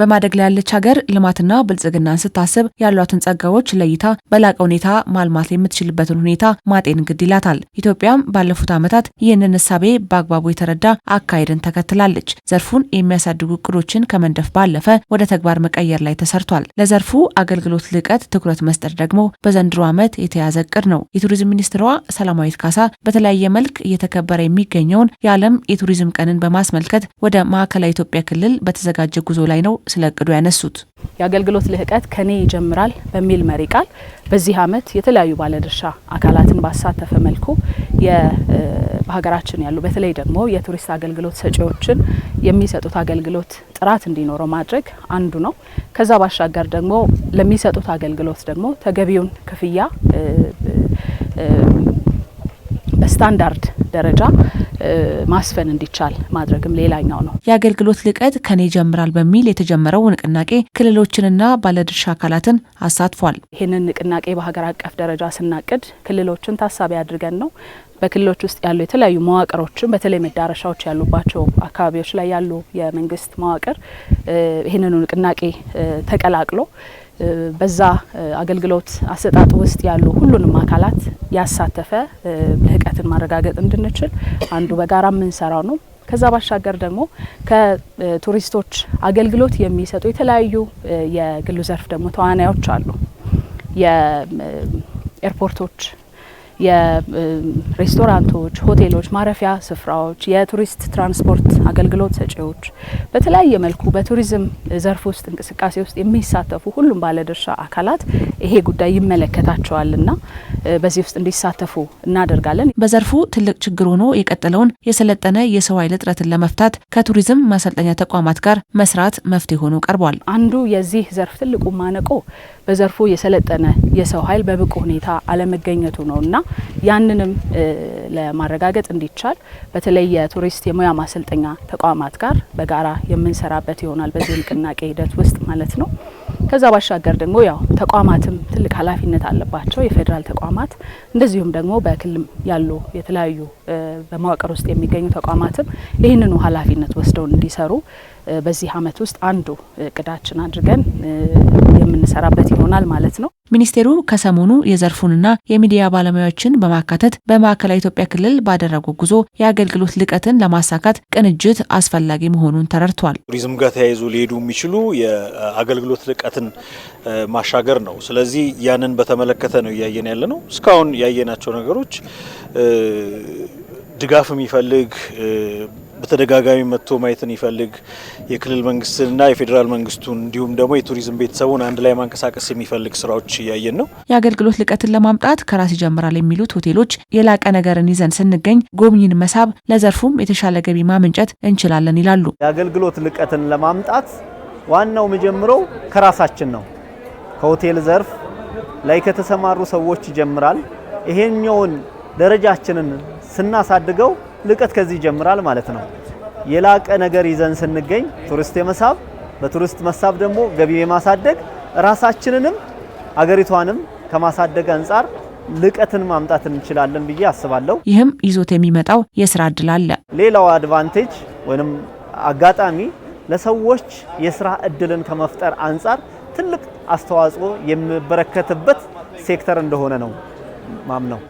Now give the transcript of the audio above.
በማደግ ላይ ያለች ሀገር ልማትና ብልጽግናን ስታስብ ያሏትን ጸጋዎች ለይታ በላቀ ሁኔታ ማልማት የምትችልበትን ሁኔታ ማጤን ግድ ይላታል። ኢትዮጵያም ባለፉት ዓመታት ይህንን እሳቤ በአግባቡ የተረዳ አካሄድን ተከትላለች። ዘርፉን የሚያሳድጉ እቅዶችን ከመንደፍ ባለፈ ወደ ተግባር መቀየር ላይ ተሰርቷል። ለዘርፉ አገልግሎት ልቀት ትኩረት መስጠት ደግሞ በዘንድሮ ዓመት የተያዘ እቅድ ነው። የቱሪዝም ሚኒስትሯ ሰላማዊት ካሳ በተለያየ መልክ እየተከበረ የሚገኘውን የዓለም የቱሪዝም ቀንን በማስመልከት ወደ ማዕከላዊ ኢትዮጵያ ክልል በተዘጋጀ ጉዞ ላይ ነው ስለ እቅዱ ያነሱት የአገልግሎት ልህቀት ከኔ ይጀምራል በሚል መሪ ቃል በዚህ አመት የተለያዩ ባለድርሻ አካላትን ባሳተፈ መልኩ በሀገራችን ያሉ በተለይ ደግሞ የቱሪስት አገልግሎት ሰጪዎችን የሚሰጡት አገልግሎት ጥራት እንዲኖረው ማድረግ አንዱ ነው። ከዛ ባሻገር ደግሞ ለሚሰጡት አገልግሎት ደግሞ ተገቢውን ክፍያ በስታንዳርድ ደረጃ ማስፈን እንዲቻል ማድረግም ሌላኛው ነው። የአገልግሎት ልቀት ከኔ ይጀምራል በሚል የተጀመረው ንቅናቄ ክልሎችንና ባለድርሻ አካላትን አሳትፏል። ይህንን ንቅናቄ በሀገር አቀፍ ደረጃ ስናቅድ ክልሎችን ታሳቢ አድርገን ነው። በክልሎች ውስጥ ያሉ የተለያዩ መዋቅሮችን በተለይ መዳረሻዎች ያሉባቸው አካባቢዎች ላይ ያሉ የመንግስት መዋቅር ይህንኑ ንቅናቄ ተቀላቅሎ በዛ አገልግሎት አሰጣጥ ውስጥ ያሉ ሁሉንም አካላት ያሳተፈ ልህቀትን ማረጋገጥ እንድንችል አንዱ በጋራ የምንሰራው ነው። ከዛ ባሻገር ደግሞ ከቱሪስቶች አገልግሎት የሚሰጡ የተለያዩ የግሉ ዘርፍ ደግሞ ተዋናዮች አሉ። የኤርፖርቶች የሬስቶራንቶች፣ ሆቴሎች፣ ማረፊያ ስፍራዎች፣ የቱሪስት ትራንስፖርት አገልግሎት ሰጪዎች፣ በተለያየ መልኩ በቱሪዝም ዘርፍ ውስጥ እንቅስቃሴ ውስጥ የሚሳተፉ ሁሉም ባለድርሻ አካላት ይሄ ጉዳይ ይመለከታቸዋልና በዚህ ውስጥ እንዲሳተፉ እናደርጋለን። በዘርፉ ትልቅ ችግር ሆኖ የቀጠለውን የሰለጠነ የሰው ኃይል እጥረትን ለመፍታት ከቱሪዝም ማሰልጠኛ ተቋማት ጋር መስራት መፍትሄ ሆኖ ቀርቧል። አንዱ የዚህ ዘርፍ ትልቁ ማነቆ በዘርፉ የሰለጠነ የሰው ኃይል በብቁ ሁኔታ አለመገኘቱ ነው እና ያንንም ለማረጋገጥ እንዲቻል በተለይ የቱሪስት የሙያ ማሰልጠኛ ተቋማት ጋር በጋራ የምንሰራበት ይሆናል በዚህ ንቅናቄ ሂደት ውስጥ ማለት ነው። ከዛ ባሻገር ደግሞ ያው ተቋማትም ትልቅ ኃላፊነት አለባቸው። የፌዴራል ተቋማት እንደዚሁም ደግሞ በክልል ያሉ የተለያዩ በመዋቅር ውስጥ የሚገኙ ተቋማትም ይህንኑ ኃላፊነት ወስደው እንዲሰሩ በዚህ ዓመት ውስጥ አንዱ እቅዳችን አድርገን የምንሰራበት ይሆናል ማለት ነው። ሚኒስቴሩ ከሰሞኑ የዘርፉንና የሚዲያ ባለሙያዎችን በማካተት በማዕከላዊ ኢትዮጵያ ክልል ባደረጉ ጉዞ የአገልግሎት ልቀትን ለማሳካት ቅንጅት አስፈላጊ መሆኑን ተረድቷል። ቱሪዝም ጋር ተያይዞ ሊሄዱ የሚችሉ የአገልግሎት ልቀትን ማሻገር ነው። ስለዚህ ያንን በተመለከተ ነው እያየን ያለ ነው። እስካሁን ያየናቸው ነገሮች ድጋፍ የሚፈልግ በተደጋጋሚ መጥቶ ማየትን ይፈልግ የክልል መንግስትንና የፌዴራል መንግስቱን እንዲሁም ደግሞ የቱሪዝም ቤተሰቡን አንድ ላይ ማንቀሳቀስ የሚፈልግ ስራዎች እያየን ነው። የአገልግሎት ልቀትን ለማምጣት ከራስ ይጀምራል የሚሉት ሆቴሎች የላቀ ነገርን ይዘን ስንገኝ ጎብኝን መሳብ፣ ለዘርፉም የተሻለ ገቢ ማመንጨት እንችላለን ይላሉ። የአገልግሎት ልቀትን ለማምጣት ዋናው መጀምረው ከራሳችን ነው። ከሆቴል ዘርፍ ላይ ከተሰማሩ ሰዎች ይጀምራል። ይሄኛውን ደረጃችንን ስናሳድገው ልቀት ከዚህ ይጀምራል ማለት ነው። የላቀ ነገር ይዘን ስንገኝ ቱሪስት የመሳብ በቱሪስት መሳብ ደግሞ ገቢ የማሳደግ ራሳችንንም አገሪቷንም ከማሳደግ አንጻር ልቀትን ማምጣት እንችላለን ብዬ አስባለሁ። ይህም ይዞት የሚመጣው የስራ እድል አለ። ሌላው አድቫንቴጅ ወይም አጋጣሚ ለሰዎች የስራ እድልን ከመፍጠር አንጻር ትልቅ አስተዋጽኦ የሚበረከትበት ሴክተር እንደሆነ ነው ማምነው።